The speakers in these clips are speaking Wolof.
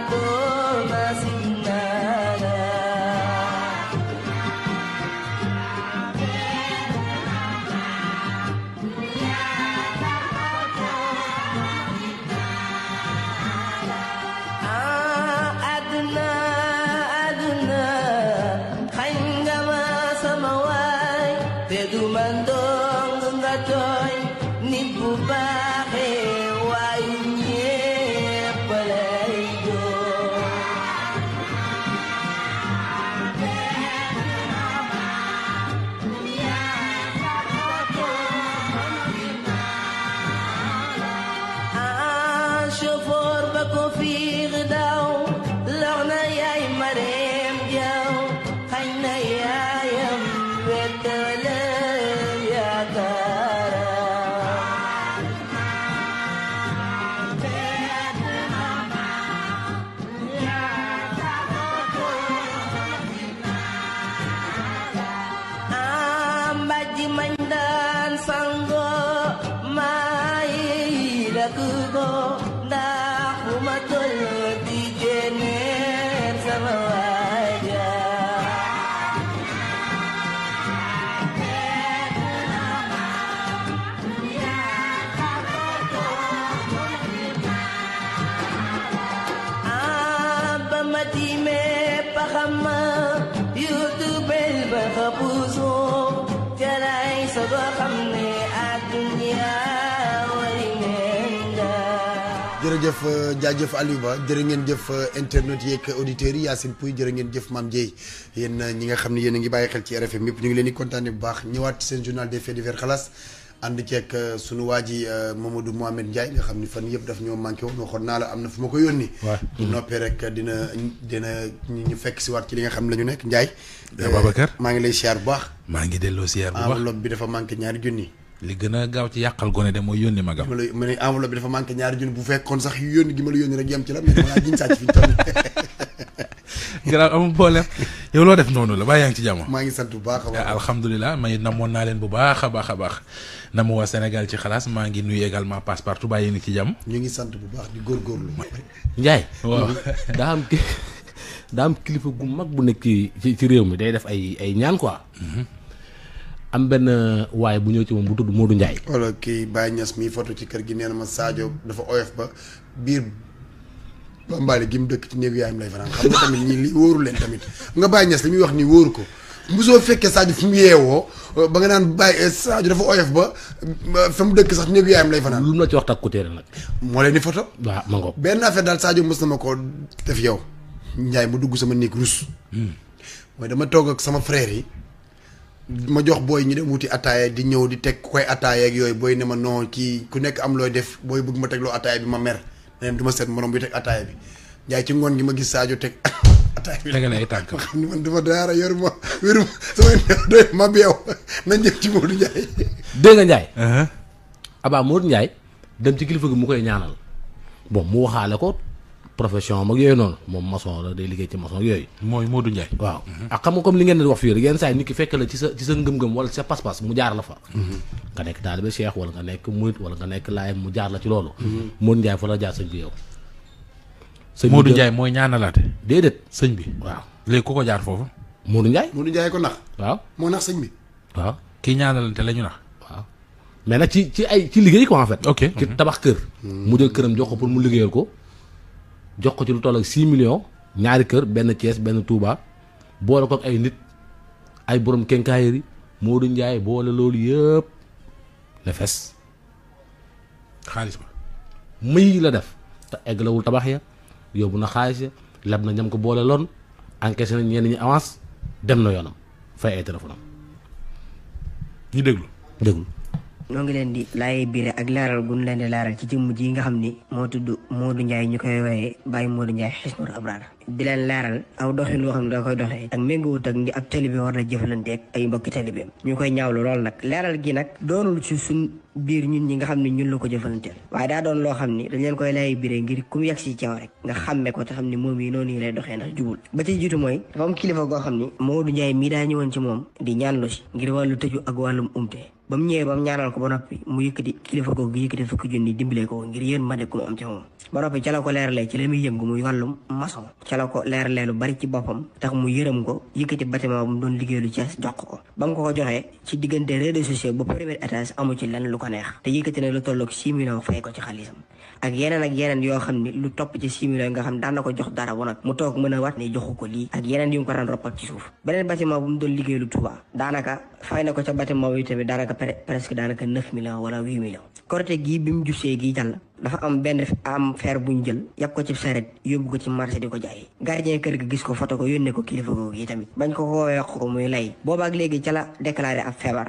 哥。فاطمة بخمة يوتيوب البخبوزو جلاي سبخمني الدنيا jërëjëf eh, jaajëf Aliou Ba jërë ngeen jëf eh, internet yeeg auditeurs yi Yacine Pouy jërë ngeen jëf Mame Ndiaye yéen eh, ñi nga xam ne yéen a ngi bàyyi xel ci RFM yëpp ñu ngi leen di bu baax ñëwaat seen journal des faits divers xalaas ànd ceeg euh, sunu waa ji euh, mu Mohamed Ndiaye nga xam ni fan yëpp daf ñoo manqué woon waxoon naa la am na fu ma ko yónni waa noppee rek dina dina ñu fekk si waat ci li nga xam ne la ñu nekk Ndiaye Babacar euh, maa ngi lay siyaar bu baax maa ngi delloo siyaar bu baax enveloppe bi dafa manqué ñaari junni li gën a gaaw ci yàqal gone de mooy yónni ma gaaw ma ne enveloppe bi dafa manqué ñaari junni bu fekkoon sax yónni gi ma la yónni rek yem ci la mais dama laa jiñ sàcc garaaw amul problème loo def noonu la baa yaa ci jàmm. maa ngi sant bu baax a baax ah, alhamdulilah may namoon naa bu baax baax a baax namu waa Sénégal ci xalaas maa ngi nuyu également passe partout baa yéen ci jàmm. ñu ngi sant bu baax di góorgóorlu. Ndiaye. waaw daa am kilifa gu mag bu nekk ci ci réew mi day def ay ay ñaan quoi. Mm-hmm. am benn waaye bu ñëw ci moom bu tudd Modou Ndiaye. wala kii Baye Niass mii foto ci kër gi nee na ma Sadio dafa oyof ba biir. bambaali gi mu dëkk ci néegu yaayam lay fanaan xam nga tamit ñii li wóoru leen tamit nga bàyyi ñes li muy wax nii wóor ko mosoo fekkee Sadio fu mu yeewoo euh, ba nga naan bàyyi euh, Sadio dafa oyof ba fa mu dëkk sax néegu yaayam lay fanaan. lu mu la ci wax takku téere nag. moo leen di photo waaw ma daal Sadio mos na ko yow. Ndiaye mu dugg sama néeg rus. Hmm. dama toog ak sama frère yi. ma jox booy ñu dem wuti attaaya di ñëw di teg ku koy attaaya yooyu booy ne ma non kii ku nekk am looy def booy bëgg ma teg loo attaaya bi ma mer. leneen du ma seet morom bi teg ataaya bi njaay ci ngoon gi ma gis Sadio teg ataaya bi. tegale ay tànk xam ne man dama daara yor ma wéru ma samay doy ma beew nañ jëm ci Modou Ndiaye. dégg nga Ndiaye. Uh-huh. abaa Modou Ndiaye dem ci kilifa gi mu koy ñaanal bon mu waxaale ko. profession mag yooyu noonu moom maçon la day liggéey ci maçon yooyu. mooy Modou Ndiaye. waaw mhm. ak ah, xam nga comme li ngeen di wax fii rek yenn saa yi nit ki fekk la ci sa ci sa ngëm-ngëm wala ci sa pas-pas mu jaar la fa. Mhm. nga nekk taalibe Cheikh wala nga nekk murit wala nga nekk laay mu jaar la ci loolu. Mhm. Modou Ndiaye fa la jaar sëñ bi yow. sëñ bi Modou mooy ñaanalaate. déedéet sëñ bi waaw. léegi ku ko jaar foofu. Modou Ndiaye. Modou Ndiaye ko nax. waaw moo nax sëñ bi. waaw kii ñaanalante la ñu waaw mais nag ci ci ay ci liggéey ko en fait. ok tabax kër. mu jël këram jox ko pour mu liggéeyal ko jox ko ci lu toll ak 6 millions ñaari kër benn Thiès benn Touba boole ko ak ay nit ay borom kenkaayeri Modou njaay boole loolu yëpp ne fes xaalis ba may la def te egglawul tabax ya yóbbu na xaalis ya lab na ñam ko boole loon encaissé na ñenn ñi avance dem na yoonam fay ay téléphone am déglu déglu ñoo ngi leen di laay biire ak laaral gun leen di laaral ci jëmm ji nga xam ni moo tudd Modou Ndiaye ñu koy wooyee Baye Modou Ndiaye Hisnul Abrar di leen laaral aw doxin woo xam ne da koy doxee ak méngoowut ak ni ab talibe war na jëfalante ak ay mbokki talibeem ñu koy ñaawlu lool nag laaral gi nag doonul ci suñ biir ñun ñi nga xam ne ñun la ko jëfalanteel waaye daa doon loo xam ni dañ leen koy laay biire ngir ku mu yegg si caw ko te xam ni moom yi noonu yi lay doxee ndax jubul ba ci jiitu mooy dafa kilifa goo xam ni Modou Ndiaye mii daa ñëwoon ci moom di ñaanlu si ngir wàllu tëju ak wàllum umte ba mu ñëwee ba mu ñaanal ko ba noppi mu yëkkati kilifa googu yëkkati fukki ngir yéen ma ko am ca la ko leeralee yoo xam ni lu topp ci 6 millions nga xam daan ko jox dara ba a daanaka fay na ko ca bâtiment bi tamit daanaka daanaka presque daanaka neuf millions wala huit millions. korite gii bi mu jubsee gii jàll dafa am benn am fer bu ñu jël yàpp ko ci saret yóbbu ko ci marché di ko jaay gardien kër gi gis ko foto ko yónnee ko kilifa googu yi tamit bañ ko woowee ko muy lay boobaak léegi ca la déclaré ab feebar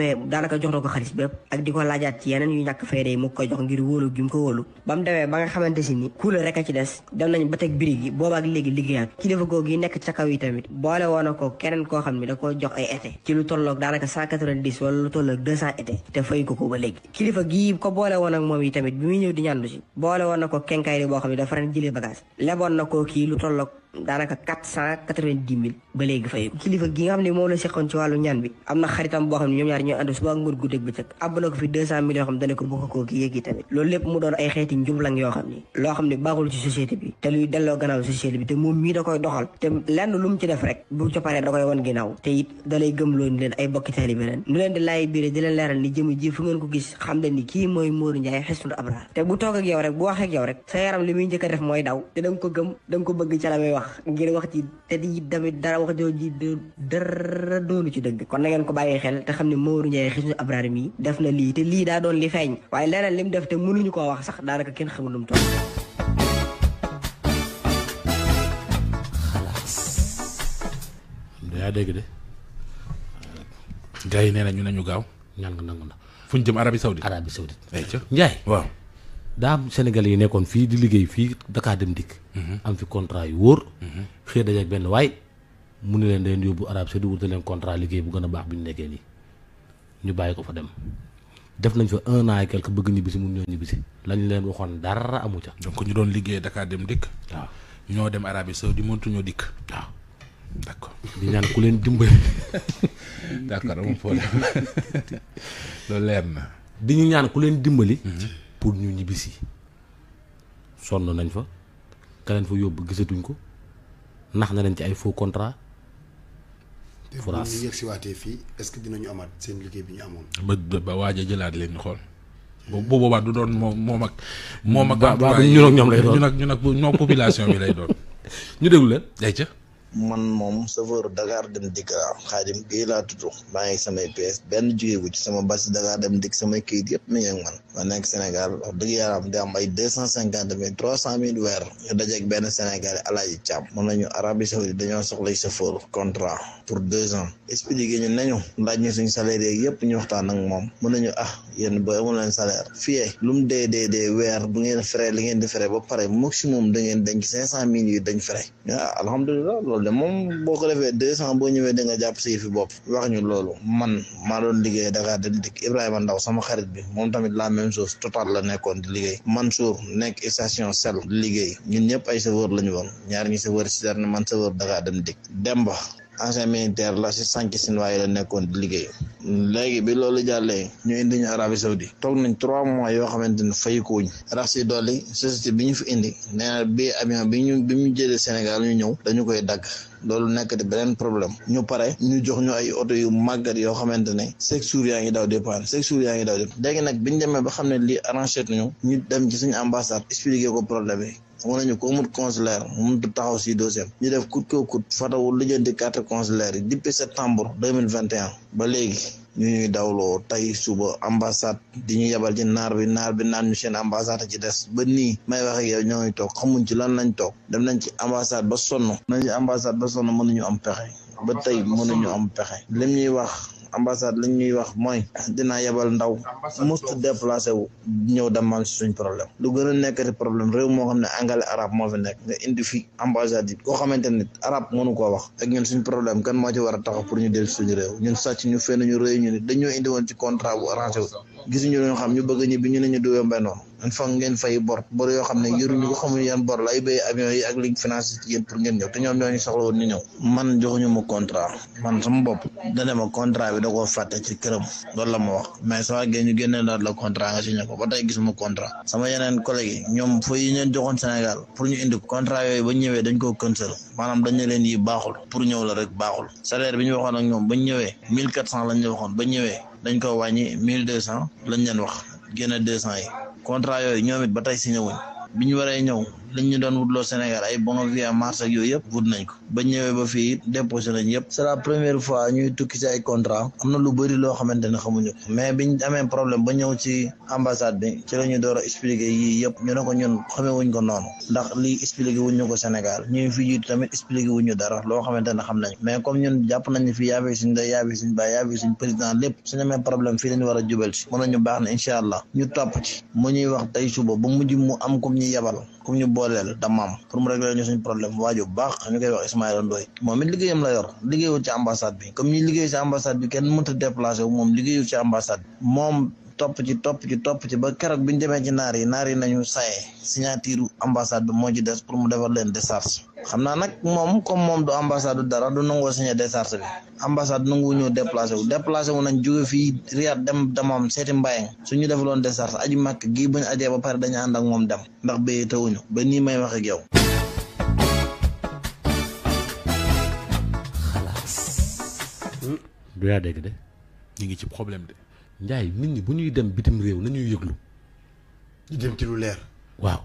demee daanaka jox na ko xaalis bépp ak di ko laajaat ci yeneen yu ñàkk fayda yi mu jox ngir wóolu gi ko wóolu ba demee ba nga xamante si ni kuule rek a ci des dem nañ ba teg biri gi boobaak léegi liggéeyaat kilifa googu ko boole woon moom yi tamit bi muy ñëw di si boole woon ko kenkaay boo xam ne dafa ren jëlee bagage leboon na koo kii lu tolloog daanaka quatre cent ba léegi fay kilifa gi nga xamne mo la seqoon ci walu ñaan bi amna xaritam bo xamne ñom ñaar ñoo andu suba ngor guddeeg bi àbb na ko fi 200 cent xam dana ko bokk ko gi yegi tamit lool lepp mu doon ay xeeti njum yoo yo xamne lo xamne baaxul ci société bi te luy delo gënal société bi te mom mi da koy doxal te lenn lu mu ci def rek bu ci paré da koy won ginaaw te it da lay gëmloo ni leen ay bokki taalibe leen nu leen di lay biiré di leen leeral ni jëm ji fu ngeen ko gis xam leen ni ki moy Modou Ndiaye Hizbut Abraham te bu tok ak yow rek bu wax ak yow rek sa yaram limuy muy def moy daw te dang ko gëm dang ko bëgg ci la may wax wax ngir wax ci te di tamit dara wax jooju dara doonu ci dëgg kon na ngeen ko bàyyi xel te xam ne Maodo Ndiaye Xisnu Abraar mi def na lii te lii daa doon li feeñ waaye leneen lim def te mënuñu koo wax sax daanaka kenn xamul lu mu toll. yaa dégg yi nee na waaw daa am yi nekkoon fii di liggéey fii Dakar dem dikk. Mhm. am fi contrat yu wóor. Mhm. xëy dajeeg benn waay mu ne leen dañu yóbbu Arabie Saoudite wutal leen contrat liggéey bu gën a baax bi ñu nekkee nii ñu bàyyi ko fa dem. def nañ fa un an et quelque bëgg ñibbisi mun ñoo ñibbisi lañ leen waxoon dara amu ca. donc ñu doon liggéey dakaa dem dikk. waaw ñoo dem Arabie Saoudite mënatuñoo dikk. waaw d' di ñaan ku leen dimbali. d' accord amul problème di ñaan ku leen dimbali. Mhm. pour ñu ñibbisi sonn nañ fa ka leen fa yóbbu gisatuñ ko nax na leen ci ay faux contrat. France te ñu yegsiwaatee fii est-ce que dinañu amaat seen liggéey bi ñu amoon. ba ba waaj a jëlaat leen ñu xool. bu hmm. boobaa du doon moom moom ak. moom ak ñun ak ñoom lay doon ñun ak ñun ak population bi lay doon. ñu déglu leen. day ca. man moom chauffeur Dakar dem dikk laa xaadim bii laa tudd maa ngi samay pièces benn jógeegu ci sama basi Dakar dem dikk samay kayit yëpp mi ngi ak man ma nekk Sénégal wax dëgg yàlla am di am ay deux cent cinquante mille trois cent mille weer ñu dajeeg benn Sénégalais Alaaji Caam mën nañu Arabie Saoudite dañoo soxlay chauffeur contrat pour deux ans expliqué ñu nañu laaj ñu suñu salaire yeeg yëpp ñu waxtaan ak moom mën nañu ah yéen booy amul leen salaire fii lu mu dee dee dee weer bu ngeen frais li ngeen di frais ba pare maximum da ngeen denc cinq cent mille yu dañ frais ah, le moom boo ko defee deux cent boo ñëwee da nga jàpp si fi bopp wax ñu loolu man maa liggéey Dakar dem dikk Ibrahima Ndaw sama xarit bi moom tamit la même chose total la nekkoon di liggéey man Mansour nekk station sel liggéey ñun ñëpp ay chauffeur la ñu woon ñaar ñi chauffeur citerne man chauffeur Dakar dem dikk Demba ancien militaire la si sànq sinwaa la nekkoon di liggéey léegi bi loolu jàllee ñu indi ñu Arabie Saoudi toog nañ trois mois yoo xamante ne fay ko ñu rax si dolli société bi ñu fi indi nee na bii avion bi ñu bi ñu jëlee Sénégal ñu ñëw dañu koy dagg loolu nekk beneen problème ñu pare ñu jox ñu ay oto yu màggat yoo xamante ne chaque jour yaa ngi daw dépendre chaque jour yaa ngi daw dépendre léegi nag biñ demee ba xam ne lii arrangé nañu ñu dem ci suñu ambassade expliqué ko problème yi xam nañu ko amul consulaire mënut taxaw si dossier ñu def kut ko kut fatawul lijjanti carte consulaire yi depuis septembre deux mille vingt et ba léegi ñu ñuy dawloo tey suba ambassade di ñu yebal ci naar bi naar bi naan ñu seen a ci des ba nii may wax ak ñoo ngi toog xamuñ ci lan lañ toog dem nañ ci ambassade ba sonn nañ ci ambassade ba sonn mënuñu am pexe ba tey mënuñu am pexe lim ñuy wax. ambassade lañ ñuy wax mooy dinaa yebal ndaw mustu déplacé wu ñëw demal si suñ problème lu gën a nekkati problème réew moo xam ne angale arab moo fi nekk nga indi fi ambassade yi koo xamante ne arab mënu koo wax ak ñun suñ problème kan moo ci war a taxaw pour ñu dellu suñu réew ñun sàcc ñu fenn ñu réew ñu ne dañoo indi woon ci contrat bu arrangé wu gis ñoo xam ñu bëgg ñibbi ñu ne ñu du yombe noonu il faut ngeen fay bor bor yoo xam ne njëriñu ko xamuñu yan bor lay béy avion yi ak liñ financé ci yéen ngeen te ñoom ñoo ñu soxla ñu ñëw man joxuñu ma man sama bopp dane ma contrat bi da koo fàtte ci këram loolu la ma wax mais sama gén ñu génnee daat la contrat nga signé ko ba gis gisuma contrat sama yeneen collègue yi ñoom fo yi leen joxoon Sénégal pour ñu indi contrat yooyu ba ñëwee dañ koo cancel maanaam dañu leen yi baaxul pour ñëw la rek baaxul salaire bi ñu waxoon ñoom ba ñëwee mille quatre cent waxoon ba ñëwee dañ ko wàññi mille deux cent lañ leen wax génne deux cent yi contrat yooyu ñoom it ba tey signé wuñ bi ñu waree ñëw lañ ñu doon wutloo Sénégal ay bono via mars ak yooyu yëpp wut nañ ko ba ñëwee ba fii déposé nañ yëpp c'est la première fois ñuy tukki ci ay contrat am na lu bari loo xamante ne xamuñu mais biñ amee problème ba ñëw ci ambassade bi ci la ñu door a yii yëpp ñu ne ko ñun xamee wuñ ko noonu ndax lii expliqué wuñ ko Sénégal ñuy fi jiitu tamit expliqué wuñ ñu dara loo xamante ne xam nañ mais comme ñun jàpp nañ fi yaa fi suñ day yaa fi suñ baay yaa fi suñ président lépp suñu amee problème fii lañ war a jubal si mën nañu baax na incha allah ñu topp ci mu ñuy wax tey suba ba mujj mu am comme ñuy yabal comme ñu booleel damam pour mu régler ñu suñu problème waaju baax ñu koy wax Ismaïla Ndoye moom it liggéeyam la yor liggéeyul ci ambassade bi comme ñi liggéey ci ambassade bi kenn mënta déplacé wu moom liggéeyul ci ambassade moom top ci top ci top ci ba keroog buñu démé ci nar yi nar yi nañu say signature ambassade mo ci dess pour mu defal len des xam xamna nak mom comme mom du ambassade dara du nango signé des décharge bi ambassade nango ñu déplacer wu déplacer wu nañ jóge fi Riyad dem damam séti mbayeng suñu des décharge aji mak gi buñu adé ba paré dañu and ak mom dem ndax béyee tawuñu ba ni may wax ak yow hmm? du ya dégg dé ñi ngi ci problème dé Ndiaye nit ñi bu ñuy dem bitim réew nañuy yëglu. ñu dem leer. waaw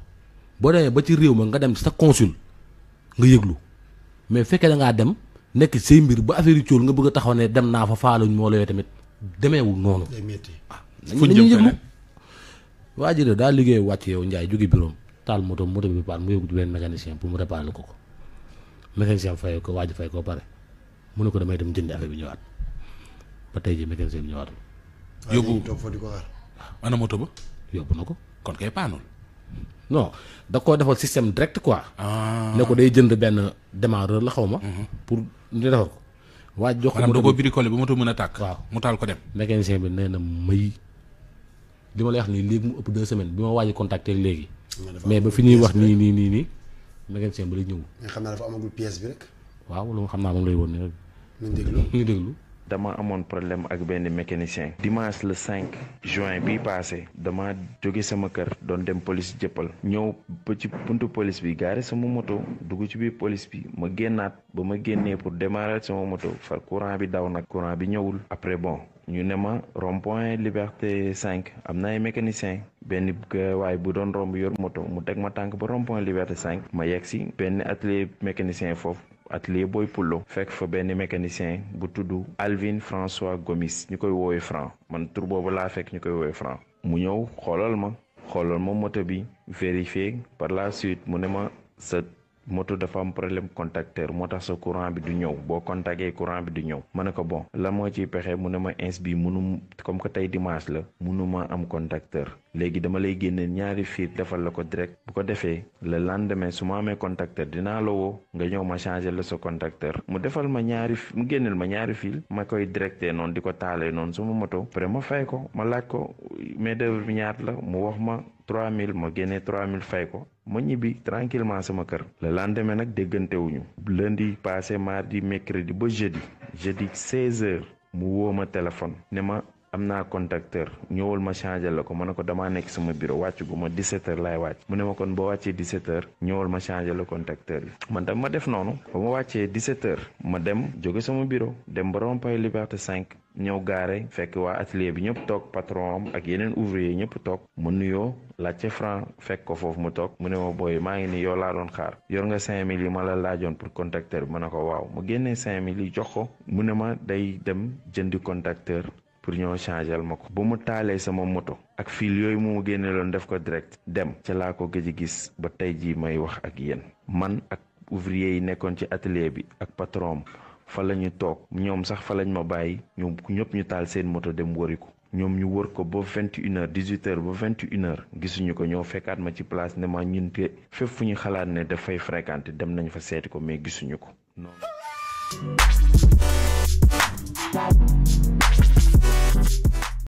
boo demee ba ci réew ma nga dem sa consul nga yëglu mais fekkee da ngaa dem nekk say mbir ba affaire yu nga bëgg a taxaw ne dem naa fa faaluñ moo la yoo tamit demeewul noonu. day métti fu ñu yëglu waa ji de daa liggéey wàcc yow Ndiaye jóge bureau taal moto moto bi paan mu yóbbu benn mécanicien pour mu réparer ko ko mécanicien fay ko waa ji ko pare mun ne ko damay dem jënd affaire bi ñëwaat ba tey ji mécanicien bi ñëwaatul. yóbbu toog fa di ah, ana moto ba yóbbu na ko kon kay paanul non da koo defal système direct quoi ah. ne ko day jënd benn démarreur la xaw ma mhm. pour ñu defar ko waaj jox ko koo bricolé ba moto mën a tàkk waaw mu taal ko dem mécanicien bi nee na li ma lay wax nii léegi mu ëpp deux semaine bi ma waaj contacté léegi mais ba fi ñuy wax nii nii nii nii mécanicien bi lay ñëwul mais xam naa dafa amagul pièce bi rek waaw loolu xam naa moom lay woon ne rek nañ ñu déglu dama amoon problème ak benn mécanicien dimanche le 5 juin bi passé dama joge sama kër doon dem police jëppal ñëw ba ci buntu police bi gaare sama moto dugg ci biir police bi ma génnaat ba ma génnee pour démarrer sama moto far courant bi daw nag courant bi ñëwul après bon ñu ne ma rompoint point liberté 5 am na ay mécanicien benn waaye bu doon romb yor moto mu teg ma tànk ba rond-point liberté cinq ma yegg si benn atelier mécanicien foofu atelier booy pullo fekk fa benn mécanicien bu tudd Alvin François Gomis ñu koy woowee franc man tur boobu laa fekk ñu koy woowee franc mu ñëw xoolal ma xoolal ma moto bi vérifié par la suite mu ne ma sa moto dafa am problème contacteur moo tax sa courant bi du ñëw boo contacté courant bi du ñëw ma ne ko bon la moo ciy pexe mu ne ma ins bi munu comme que tey dimanche la ma am contacteur léegi dama lay génne ñaari fiir defal la ko direct bu ko defee le lendemain su ma amee contacteur dinaa la woo nga ñëw ma changer la sa contacteur mu defal ma ñaari mu génneel ma ñaari fil ma koy directé noonu di ko taalee noonu suma moto pare ma fay ko ma laaj ko main d'œuvre la mu wax ma 3000 ma génnee 3000 fay ko ma ñibbi tranquillement sama kër le lendemain nag déggantewuñu lundi passé mardi mercredi ba jeudi jeudi 16 heures mu woo ma téléphone ne ma amna contacteur ñewul ma changer lako ko ma ne ko damaa nekk sama bureau waccu guma 17 h lay wacc mu ne ma kon bo wàccee 17 h ñewul ma changer le contacteur bi man tam ma def nonu ba ma wàccee 17 h ma dem jóge sama bureau dem ba rond liberté 5 ñew garé fekk wa atelier bi ñep tok patron am ak yenen ouvrier ñep tok mu nuyo la ci franc fekk ko fofu mu tok mu ne ma booy maa ngi ni yo la doon xaar yor nga 5000 yi ma la laajoon pour contacteur bi ne ko waw mu génnee 5000 yi jox ko mu ne ma day dem jëndi contacteur pour ñoo changel ma ko bu mu taalee sama moto ak fiil yooyu mu génne loon def ko direct dem ca laa ko gëj gis ba tey ji may wax ak yéen man ak ouvrier yi nekkoon ci atelier bi ak patron fa la ñu toog ñoom sax fa lañ ma bàyyi ñoom ñëpp ñu taal seen moto dem wëri ko ñoom ñu wër ko ba vingt une heure dix ba vingt une heure gisuñu ko ñoo fekkaat ma ci place ne ma ñun te fépp fu ñu xalaat ne dafay fréquenté dem nañu fa seeti ko mais gisuñu ko noonu